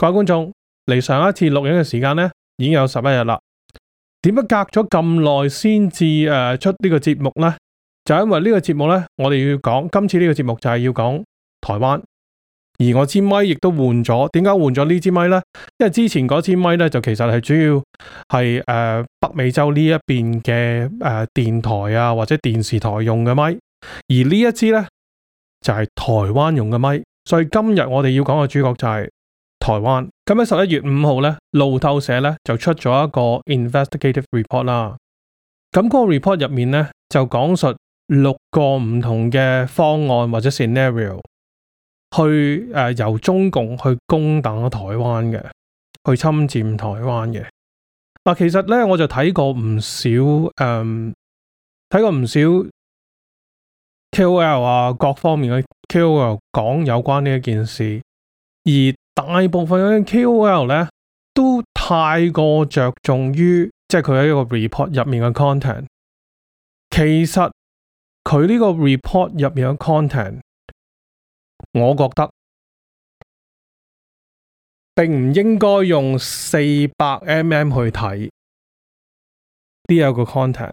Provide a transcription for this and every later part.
各位觀眾，嚟上一次錄影嘅時間咧，已經有十一日啦。點解隔咗咁耐先至誒出呢個節目呢？就因為呢個節目咧，我哋要講今次呢個節目就係要講台灣，而我支咪亦都換咗。點解換咗呢支咪呢？因為之前嗰支咪咧就其實係主要係誒、呃、北美洲呢一邊嘅誒、呃、電台啊或者電視台用嘅咪；而呢一支呢，就係、是、台灣用嘅咪。所以今日我哋要講嘅主角就係、是。台灣。咁喺十一月五號咧，路透社咧就出咗一個 investigative report 啦。咁嗰個 report 入面咧就講述六個唔同嘅方案或者 scenario 去誒由中共去攻打台灣嘅，去侵占台灣嘅。嗱，其實咧我就睇過唔少誒，睇過唔少 KOL 啊，各方面嘅 KOL 講有關呢一件事，而。大部分嘅 KOL 咧都太過着重於即係佢喺一個 report 入面嘅 content，其實佢呢個 report 入面嘅 content，我覺得並唔應該用四百 mm 去睇呢一個 content，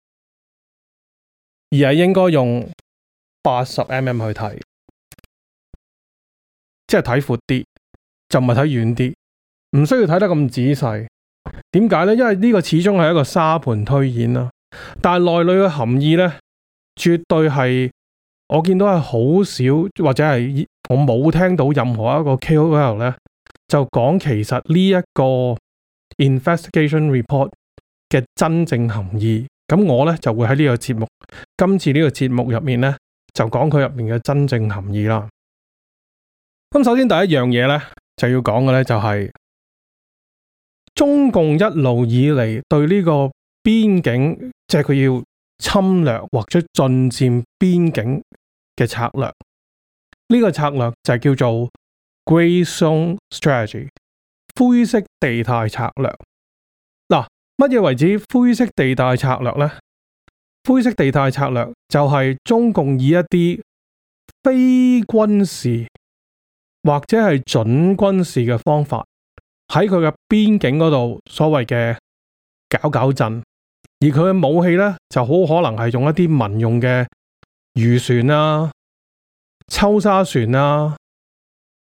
而係應該用八十 mm 去睇，即係睇闊啲。就唔係睇遠啲，唔需要睇得咁仔細。點解呢？因為呢個始終係一個沙盤推演啦。但係內裏嘅含義呢，絕對係我見到係好少，或者係我冇聽到任何一個 KOL 呢，就講其實呢一個 investigation report 嘅真正含義。咁我呢，就會喺呢個節目，今次呢個節目入面呢——就講佢入面嘅真正含義啦。咁首先第一樣嘢呢。就要講嘅咧，就係中共一路以嚟對呢個邊境，即係佢要侵略或者進佔邊境嘅策略。呢、這個策略就係叫做 Grey Zone Strategy，灰色地帶策略。嗱、啊，乜嘢為止灰色地帶策略咧？灰色地帶策略就係中共以一啲非軍事。或者係準軍事嘅方法，喺佢嘅邊境嗰度所謂嘅搞搞震，而佢嘅武器咧就好可能係用一啲民用嘅漁船啊、抽沙船啊，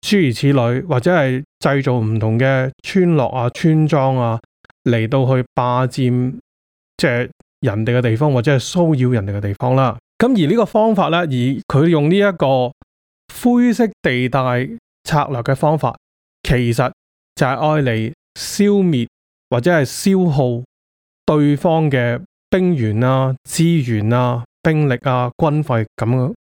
諸如此類，或者係製造唔同嘅村落啊、村莊啊嚟到去霸占即係人哋嘅地方，或者係騷擾人哋嘅地方啦。咁而呢個方法咧，而佢用呢、這、一個。灰色地帶策略嘅方法，其實就係愛嚟消滅或者係消耗對方嘅兵員啊、資源啊、兵力啊、軍費咁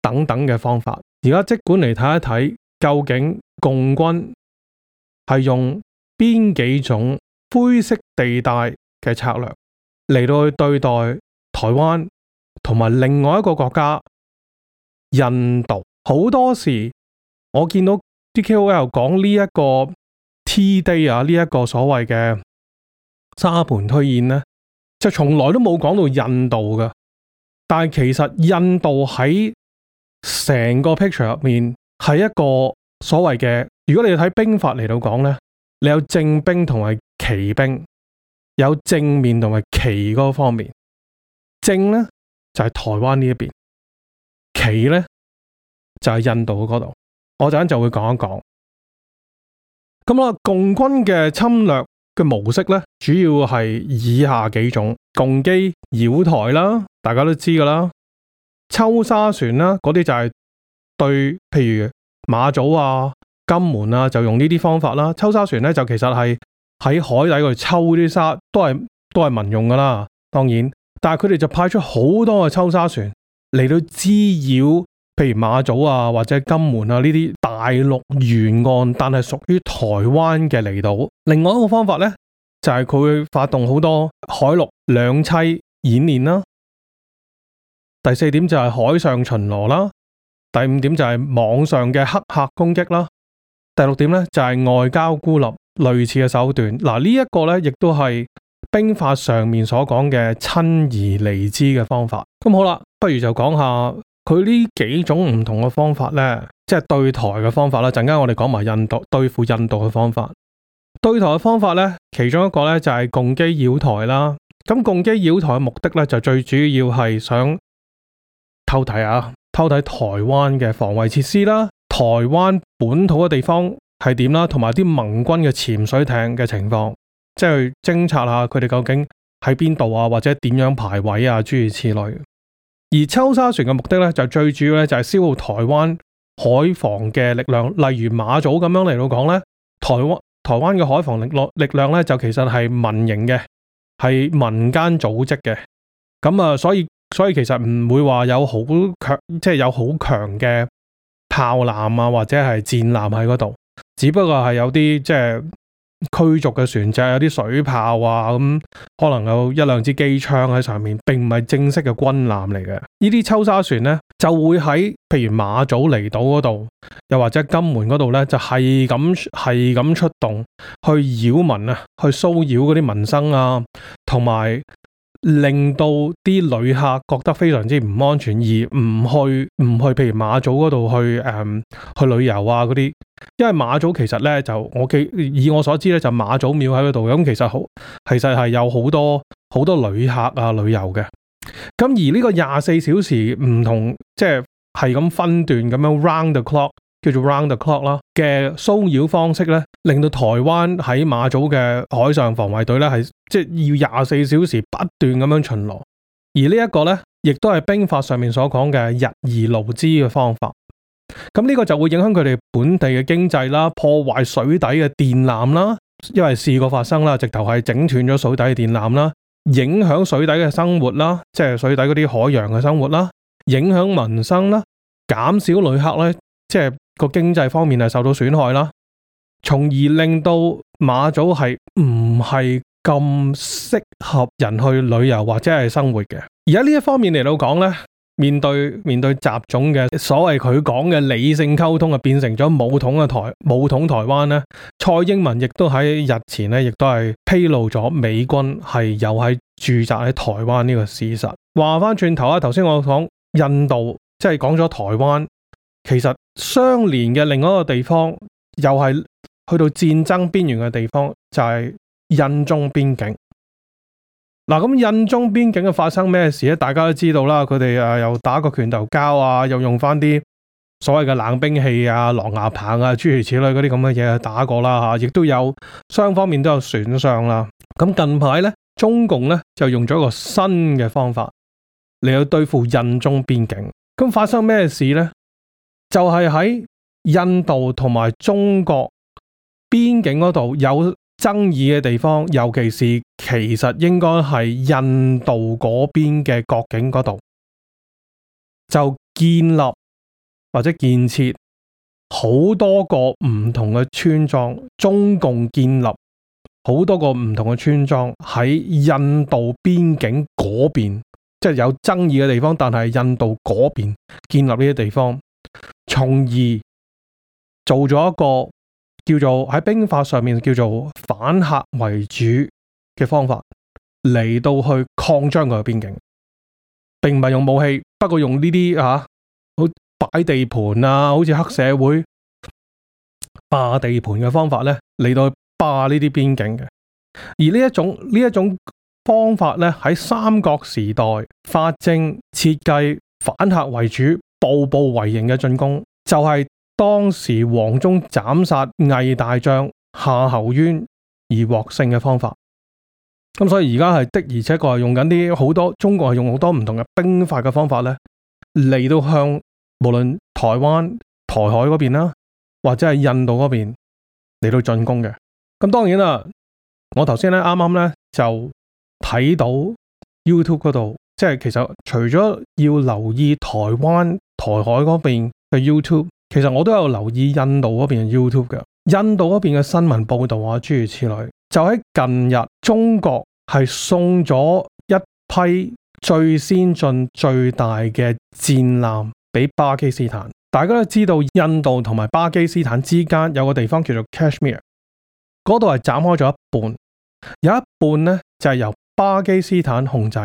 等等嘅方法。而家即管嚟睇一睇，究竟共軍係用邊幾種灰色地帶嘅策略嚟到去對待台灣同埋另外一個國家，印度。好多時我見到啲 KOL 講呢一個 T-Day 啊，呢、這、一個所謂嘅沙盤推演咧，就從來都冇講到印度嘅。但係其實印度喺成個 picture 入面係一個所謂嘅，如果你要睇兵法嚟到講咧，你有正兵同埋奇兵，有正面同埋奇嗰方面。正咧就係、是、台灣呢一邊，奇咧。就係印度嗰度，我陣間就會講一講。咁啊，共軍嘅侵略嘅模式咧，主要係以下幾種：共機繞台啦，大家都知噶啦；抽沙船啦，嗰啲就係對，譬如馬祖啊、金門啊，就用呢啲方法啦。抽沙船咧，就其實係喺海底度抽啲沙，都係都係民用噶啦。當然，但係佢哋就派出好多嘅抽沙船嚟到滋擾。譬如馬祖啊，或者金門啊呢啲大陸沿岸，但係屬於台灣嘅離島。另外一個方法呢，就係、是、佢會發動好多海陸兩棲演練啦、啊。第四點就係海上巡邏啦、啊。第五點就係網上嘅黑客攻擊啦、啊。第六點呢，就係、是、外交孤立類似嘅手段。嗱呢一個呢，亦都係兵法上面所講嘅親而離之嘅方法。咁、嗯、好啦，不如就講下。佢呢幾種唔同嘅方法呢，即係對台嘅方法啦。陣間我哋講埋印度對付印度嘅方法，對台嘅方法呢，其中一個呢，就係共機繞台啦。咁共機繞台嘅目的呢，就最主要係想偷睇啊，偷睇台灣嘅防衛設施啦，台灣本土嘅地方係點啦，同埋啲盟軍嘅潛水艇嘅情況，即係去偵察下佢哋究竟喺邊度啊，或者點樣排位啊，諸如此類。而抽沙船嘅目的咧，就最主要咧就係消耗台灣海防嘅力量，例如馬祖咁樣嚟到講咧，台灣，台灣嘅海防力，落力量咧，就其實係民營嘅，係民間組織嘅，咁啊，所以，所以其實唔會話有好強，即係有好強嘅炮艦啊，或者係戰艦喺嗰度，只不過係有啲即係。就是驅逐嘅船隻有啲水炮啊，咁、嗯、可能有一兩支機槍喺上面，並唔係正式嘅軍艦嚟嘅。呢啲抽沙船呢，就會喺譬如馬祖離島嗰度，又或者金門嗰度呢，就係咁係咁出動去擾民啊，去騷擾嗰啲民生啊，同埋。令到啲旅客覺得非常之唔安全，而唔去唔去，去譬如馬祖嗰度去誒、嗯、去旅遊啊嗰啲，因為馬祖其實咧就我記以我所知咧就馬祖廟喺度，咁其實好其實係有好多好多旅客啊旅遊嘅，咁而呢個廿四小時唔同，即係係咁分段咁樣 round the clock 叫做 round the clock 啦嘅騷擾方式咧，令到台灣喺馬祖嘅海上防衛隊咧，係即係要廿四小時，不斷咁樣巡邏，而呢一個呢，亦都係兵法上面所講嘅日而勞之嘅方法。咁呢個就會影響佢哋本地嘅經濟啦，破壞水底嘅電纜啦，因為試過發生啦，直頭係整斷咗水底嘅電纜啦，影響水底嘅生活啦，即係水底嗰啲海洋嘅生活啦，影響民生啦，減少旅客呢，即係個經濟方面係受到損害啦，從而令到馬祖係唔係。咁適合人去旅遊或者係生活嘅。而家呢一方面嚟到講呢，面對面對習總嘅所謂佢講嘅理性溝通，就變成咗武統嘅台武統台灣呢，蔡英文亦都喺日前呢，亦都係披露咗美軍係又係駐紮喺台灣呢個事實。話翻轉頭啊，頭先我講印度即係講咗台灣，其實相連嘅另一個地方又係去到戰爭邊緣嘅地方，就係、是。印中邊境嗱，咁印中邊境嘅發生咩事咧？大家都知道啦，佢哋啊又打個拳頭交啊，又用翻啲所謂嘅冷兵器啊、狼牙棒啊，諸如此類嗰啲咁嘅嘢打過啦吓，亦都有雙方面都有損傷啦。咁近排咧，中共咧就用咗個新嘅方法嚟去對付印中邊境。咁發生咩事咧？就係喺印度同埋中國邊境嗰度有。爭議嘅地方，尤其是其實應該係印度嗰邊嘅國境嗰度，就建立或者建設好多個唔同嘅村莊。中共建立好多個唔同嘅村莊喺印度邊境嗰邊，即係有爭議嘅地方，但係印度嗰邊建立呢啲地方，從而做咗一個。叫做喺兵法上面叫做反客為主嘅方法嚟到去擴張佢嘅邊境，並唔係用武器，不過用呢啲吓好擺地盤啊，好似黑社會霸地盤嘅方法咧嚟到霸呢啲邊境嘅。而呢一種呢一種方法咧喺三國時代法正設計反客為主步步為營嘅進攻，就係、是。當時黃忠斬殺魏大將夏侯淵而獲勝嘅方法，咁、嗯、所以而家係的，而且確係用緊啲好多中國係用好多唔同嘅兵法嘅方法咧，嚟到向無論台灣、台海嗰邊啦，或者係印度嗰邊嚟到進攻嘅。咁、嗯、當然啦，我頭先咧啱啱咧就睇到 YouTube 嗰度，即係其實除咗要留意台灣、台海嗰邊嘅 YouTube。其實我都有留意印度嗰邊嘅 YouTube 嘅，印度嗰邊嘅新聞報道啊，諸如此類。就喺近日，中國係送咗一批最先進、最大嘅戰艦俾巴基斯坦。大家都知道，印度同埋巴基斯坦之間有個地方叫做 Kashmir，嗰度係斬開咗一半，有一半呢就係由巴基斯坦控制，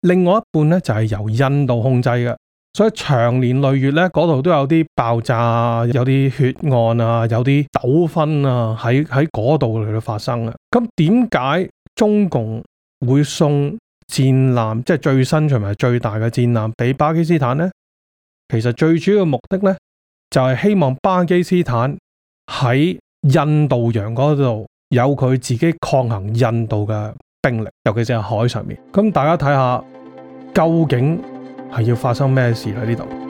另外一半咧就係由印度控制嘅。所以長年累月咧，嗰度都有啲爆炸，有啲血案啊，有啲糾紛啊，喺喺嗰度嚟到發生嘅。咁點解中共會送戰艦，即係最新同埋最大嘅戰艦俾巴基斯坦呢？其實最主要嘅目的呢，就係希望巴基斯坦喺印度洋嗰度有佢自己抗衡印度嘅兵力，尤其是係海上面。咁大家睇下究竟。係要發生咩事喺呢度？